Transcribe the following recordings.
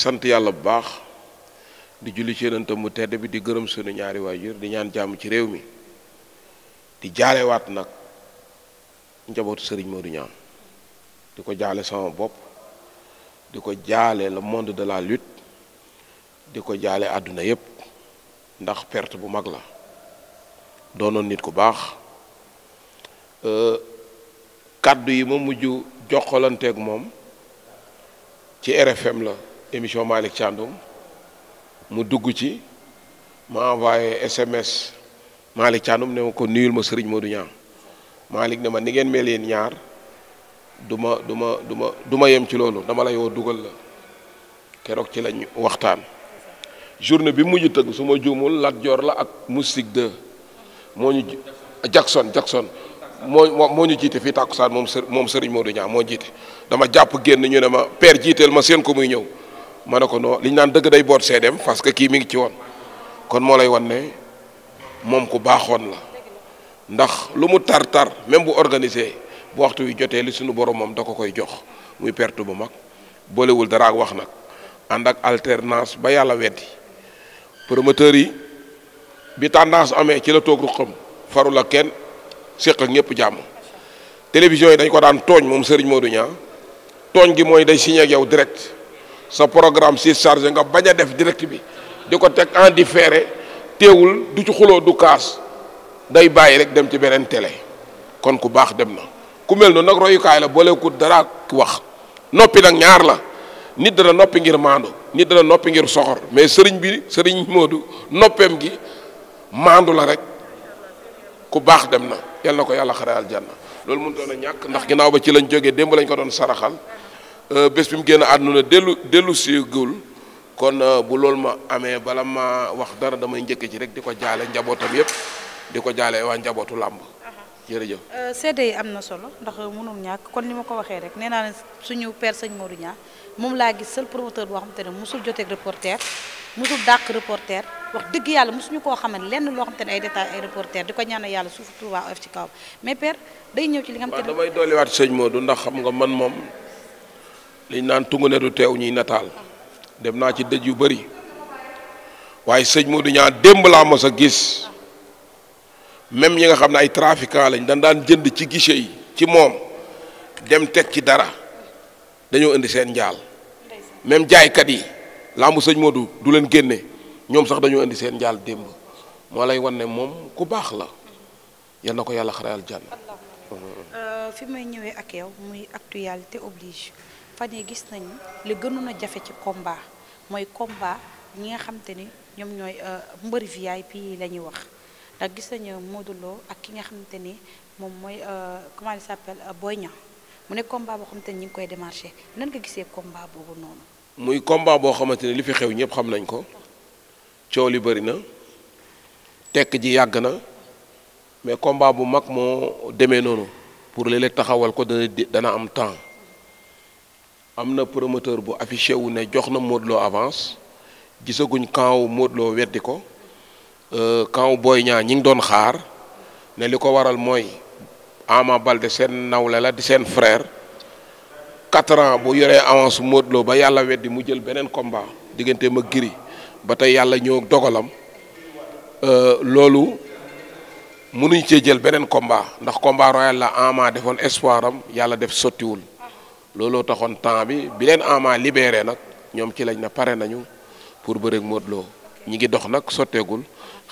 sant yàlla bu baax di julli ci yonentam mu tedd bi di gërëm sunu ñaari waajur di ñaan jàmm ci réew mi di jaalewaat nag njabootu sëriñ Modou Niang di ko jaale sama bopp di ko jaale la monde de la lutte di ko jaale àdduna yépp ndax perte bu mag la doonoon nit ku baax euh, kàddu yi ma mujj joxalanteeg moom ci RFM la émission Malick Thiandoum mu dugg ci ma envoyé SMS Malick Thiandoum ne ma ko nuyul ma Serigne Modou Niang Malick ne ma ni ngeen mel ñaar duma ma du ma du du ma yem ci loolu dama la yoo dugal la keroog ci lañ waxtaan journée bi mujj tëgg su ma juumul Lat Joor la ak Moustique de moo ñu Jackson Jackson moo moo ñu jiite fii tàkkusaan moom moom Serigne Modou Niang moo jiite dama jàpp génn ñu ne ma père jiiteel ma seen ko muy ñëw ma ne ko non li ñu naan dëgg day boot seedeem parce que kii mi ngi ci woon kon moo lay wan ne moom ku baaxoon la ndax lu mu tar tar même bu organisé bu waxtu wi jotee li suñu borom moom da ko koy jox muy perte bu mag boolewul dara ak wax nag ànd ak alternance ba yàlla weddi promoteur yi bi tendance amee ci la toog ruqam farul ak kenn séq ak ñëpp jàmm télévision yi dañ ko daan tooñ moom Serigne Modou Niang tooñ gi mooy day signé ak direct sa programme si chargé nga bañ a def direct bi di ko teg en di différé teewul du ci xuloo du kaas day bàyyi rek dem ci beneen télé kon ku baax dem na ku mel noonu nag royukaay la boole dara dara wax noppi nag ñaar la nit dana noppi ngir maandu nit dana noppi ngir soxor mais sëriñ bi sëriñ moodu noppeem gi maandu la rek ku baax dem na yal na ko yàlla xare aljanna loolu mun mënutoon a ñàkk ndax ginnaaw ba ci lañ jógee démb lañ ko doon saraxal Euh, bés bi mu génn àdduna dellu dellu sigul kon euh, bu loolu ma amee bala ma wax dara damay njëkk ci rek di ko jaale njabootam yépp di ko jaale waa njabootu làmb uh-huh. jërëjëf seede euh, yi am na solo ndax mënul ñàkk kon ni ma ko waxee rek nee naa ne suñu père sëñ Modou Niang moom laa gis seul promoteur boo xamante ne mosul joteeg reporter mosul dàq reporter wax dëgg yàlla mosuñu koo xamal lenn loo xamante ne ay détails ay reporter di ko ñaanal yàlla suuf Touba of ci kaw mais père day ñëw ci li nga xamante ne. waaw damay dolliwaat sëñ Modou ndax xam nga man moom liñ naan tungune du tew ñi natal dem na ci dëj yu bari waye señ Modou ñaan demb la ma sa gis même ñi nga xam ay trafiquant lañ dañ daan jënd ci guiché yi ci mom dem tek ci dara dañu indi seen njaal même kat yi mu señ Modou du leen génne ñom sax dañu indi seen njaal demb mo lay wone mom ku bax la yal nako yalla yàlla jall mm-hmm. euh, fi may ñëwé ak yow muy actualité oblige fan yi gis nañu li gënoon na jafe ci combat mooy combat ñi nga xam ni ñoom ñooy euh, mbër VIP yi la wax ndax gis nañu Modou Lo ak ki nga xamante ni moom mooy euh, comment il s'appelle euh, Boy Niang mu ne combat boo xamante ni ñu ngi koy démarché nan ko gisee combat boobu noonu. muy combat boo xamante ne li fi xew ñëpp xam nañ ko coow li bëri na tekk ji yàgg na mais combat bu mag moo demee noonu pour léeg-léeg taxawal ko dana dana am temps. am na promoteur bu affiché wu ne jox na Modou avance gisaguñ kaw Modou Lo weddi ko kaw euh, Boy ñaar ñi ngi doon xaar ne li ko waral mooy Ama balde seen nawle la di seen frère quatre ans bu yoree avance Modou Lo ba yàlla weddi mu jël beneen combat digganteem ak giri ba tey yàlla ñëw dogalam euh, loolu mënuñ cee jël beneen combat ndax combat royal la Ama defoon espoir yàlla def sottiwul looloo taxoon temps bi bi leen Ama libéré nag ñoom ci lañ na pare nañu pour bëreeg Modou Lo ñi ngi dox nag sotteegul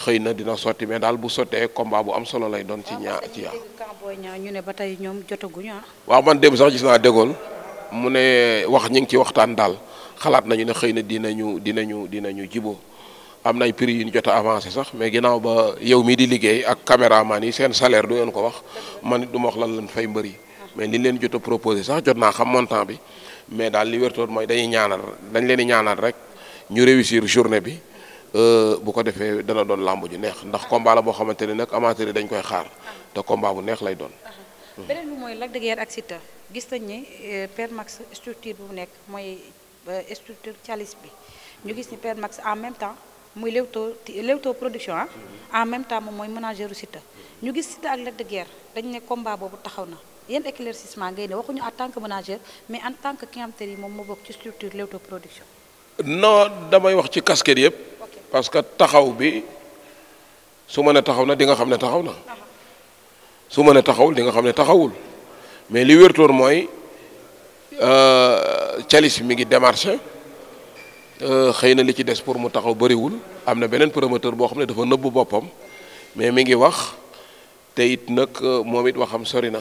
xëy na dina sotti mais daal bu sottee combat bu am solo lay doon ci ñaar ci ñaar ñu ne ba tey ñoom jotaguñu ah. waaw man démb sax gis naa déggoon mu ne wax ñu ngi ci waxtaan daal xalaat nañu ne xëy na dina dinañu dina dinañu jibo am nay prix yu ñu jot a avancé sax mais ginnaaw ba yow mii di liggéey ak caméraman yi seen salaire du ngeen ko wax man it du wax lan lañ fay mbëri mais li leen jot a proposé sax jot naa xam montant bi mais daal li mooy dañuy ñaanal dañ leen di ñaanal rek ñu réussir journée bi euh, bu ko defee dana doon làmb ju neex ndax combat boo xamante ne nag amateur dañ koy xaar te combat bu neex lay doon. Uh-huh. beneen bi mooy Lac de gis nañ ni euh, Permax structure bu nekk mooy euh, structure Thialis bi ñu gis ni Permax en même temps muy Leewtoo Leewtoo production ah. en même temps moom mooy manager Siteu ñu gis Siteu ak Lac de dañ ne combat boobu taxaw na. yéen éclaircissement ngay ne waxuñu en tant que manager mais en tant que ki nga xam te ni moom moo bokk ci structure l'autoproduction non damay wax ci casquette yëpp parce que taxaw bi su ma ne taxaw na di nga xam ne taxaw na su ma ne taxawul di nga xam ne taxawul mais li wértoor mooy euh, Thialis mi ngi démarché euh, xëy na li ci des pour mu taxaw bëriwul am na beneen promoteur boo xam ne dafa nëbbu boppam mais mi ngi wax te it nag euh, moom it waxam sori na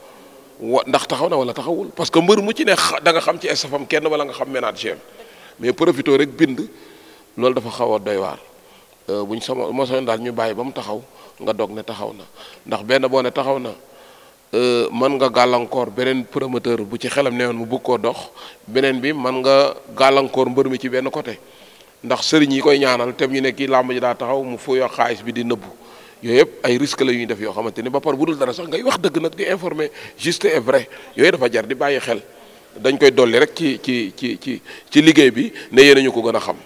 ndax taxaw na wala taxawul parce que mbeur mu ci ne da nga xam ci estafam kenn wala nga xam ménage mais profito rek bind loolu dafa xawa doy war euh buñ sama mosoon daal ñu bàyyi bam taxaw nga dog ne taxaw na ndax ben bo ne taxaw na euh, man nga gàllankoor benen promoteur bu ci xelam neewon mu bu ko dox benen bi man nga gàllankoor mbeur mi ci ben côté ndax serigne yi koy ñaanal tem ñu nekk lamb ji da taxaw mu yo xaliss bi di neub yooyu yëpp ay risque la ñuy def yoo xamante ni ba par bu dul dara sax ngay wax dëgg nag di informer juste et vrai yooyu dafa jar di bàyyi xel dañ koy dolli rek ci ci ci ci ci liggéey bi ne yéen ñu ko gën a xam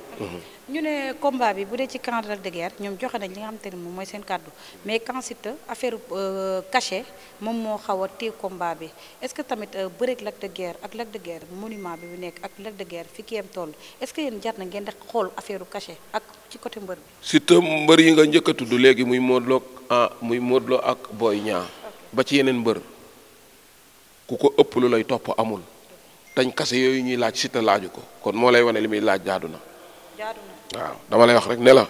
ñu kombabi combat bi bu dee ci camp de Lac de Guiers ñoom joxe nañ li nga xamante ne moom seen kàddu mais quand c'est affaire euh, cachet moom moo xaw a téye combat bi est-ce que tamit euh, bëreeg Lac de Guiers ak Lac de Guiers monument bi bu nekk ak Lac de Guiers fi toll est-ce que yéen jar na ngeen di xool affaire ak ci côté bi. yi nga a tudd muy ah muy Modou ak Boy Niang ba ci yeneen mbër ku ko ëpp lu lay topp amul dañ kase yooyu ñuy laaj Siteu laaju ko kon mo lay wane li laaj na. waaw dama lay wax rek ne la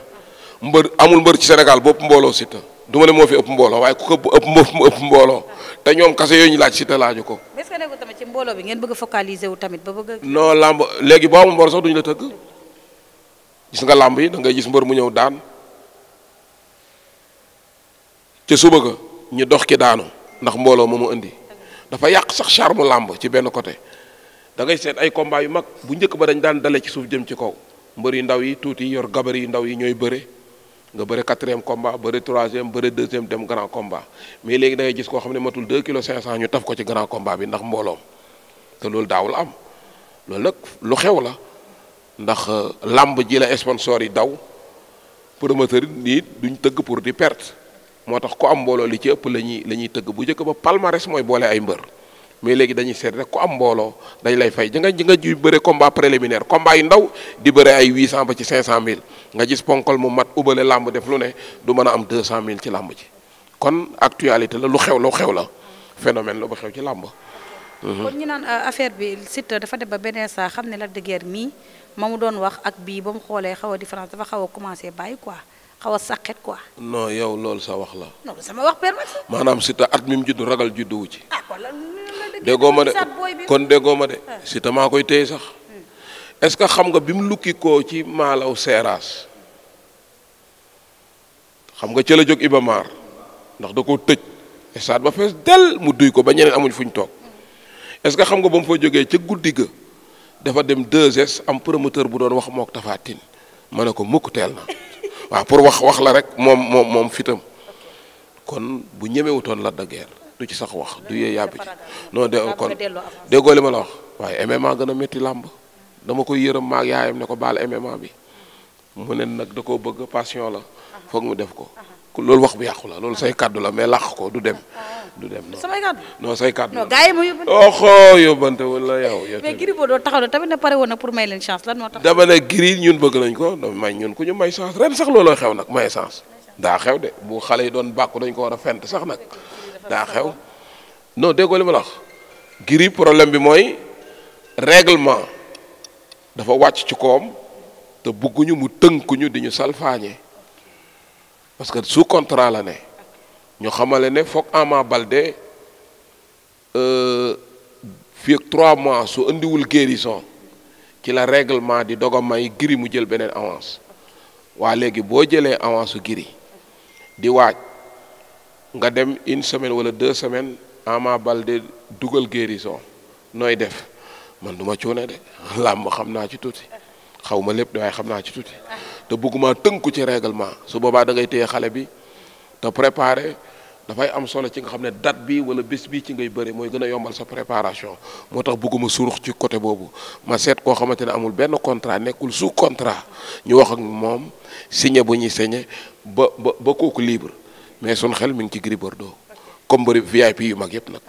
mbër amul mbër ci Sénégal bopp mbooloo Siteu du ma ne moo fi ëpp mbooloo waaye ku ko ëpp moo ëpp mbooloo te ñoom kase yooyu ñu laaj Siteu laaju ko. mais est-ce que nekkul tamit ci mbooloo bi ngeen a focaliser wu tamit ba bëgg non làmb léegi boo amul mbooloo sax duñu la tëgg gis nga làmb yi dangay gis mbër mu ñëw daan ca suba ga ñu dox ki daanu ndax mbooloo moomu indi dafa yàq sax charme làmb ci benn côté da ngay seet ay combat yu mag bu njëkk ba dañ daan dale ci suuf jëm ci kaw mbër yu ndaw yi tuuti yor gabar yu ndaw yi ñooy bëre nga bëre quatrième combat bëre troisième bëre deuxième dem grand combat mais léegi da ngay gis koo xam ne matul 2 kilos 500 ñu taf ko ci grand combat bi ndax mbooloom te loolu daawul am loolu nag lu xew la ndax euh, làmb ji la sponsor yi daw promoteur yi duñ tëgg pour di perte moo tax ko am mbooloo li ci ëpp la ñuy la ñuy tëgg bu njëkk ba palmarès mooy boole ay mbër. mais légui dañuy sét rek ku am mbolo dañ lay fay ji nga ji nga combat préliminaire combat yu ndaw di bëre ay 800 ba ci 500000 nga gis ponkol mu mat ubale lamb def lu ne du mën am 200000 ci lamb ji kon actualité la lu xew lo xew la phénomène lo ba xew ci lamb mhm. kon ñu naan euh, affaire bi Siteu dafa dem ba beneen saa xam ne de guerre mi ma mu doon wax ak bi ba mu xoolee xaw a différence dafa xaw commencer commencé quoi. xaw saxet quoi. non yow loolu sa wax la. non sama wax permettre. manam Siteu at mi mu juddu ragal jiddu wu ci. ah kon déggoo ma de kon déggoo ma de eh. si koy téye sax hmm. est-ce que xam nga bi mu lukki koo ci maalaw seeraas xam nga ca la jóg Iba Mar ndax da koo tëj estaat ba fees mu duy ko ba ñeneen amuñ fuñ toog est-ce que xam nga ba mu fa jógee ca guddi ga dafa dem 2S am promoteur bu doon wax mook tafaatin ma ne ko mukk teel na waaw pour wax wax la rek moom moom moom fitam kon bu ñemewutoon la de guerre du ci sax wax du yee yàbbi ci non de kon déggoo li ma la wax waaye MMA gën a métti dama koy yërëm maag yaayam ne ko baal MMA bi mu ne nak da koo bëgg passion la foog mu def ko loolu wax bu yàqu la say kàddu la mais ko du dem du dem non samay kàddu non say kàddu non gars yi ma yóbbante oxo wala yow yow mais Gris Bordeaux taxaw na tamit ne pare woon na pour may chance lan moo tax dama ne giri ñun bëgg nañ ko nyun, may ñun ku ñu may chance ren sax looloo xew nag may chance daa xew de bu xale doon bàkku dañ ko war fent sax daa xew non déggoo li ma la wax problème bi mooy règlement dafa wàcc ci koom te bugguñu mu tënkuñu di ñu salfaañe parce que sous contrat la ne ñu xamale ne foog Ama Baldé euh, fii ak trois mois su indiwul guérison ci la règlement di doga may Gris mu jël beneen avance waa léegi boo jëlee avance su Gris di waaj nga dem une semaine wala deux semaines Ama Baldé dugal guérison nooy def man duma ma cuune de làmb xam naa ci tuuti xaw ma lépp waaye xam naa ci tuuti te bëgguma tënku ci réglement su boobaa da ngay téye xale bi te préparer dafay am solo ci nga xam ne date bi wala bés bi ci ngay bëri mooy gën a yombal sa préparation moo tax bëgguma surux ci côté boobu ma seet koo xamante ne amul benn contrat nekkul su contrat ñu wax ak moom signe bu ñuy signé ba kooku libre mais sun xel mi ngi ci Gris Bordeaux comme bëri VIP yu mag yëpp nag.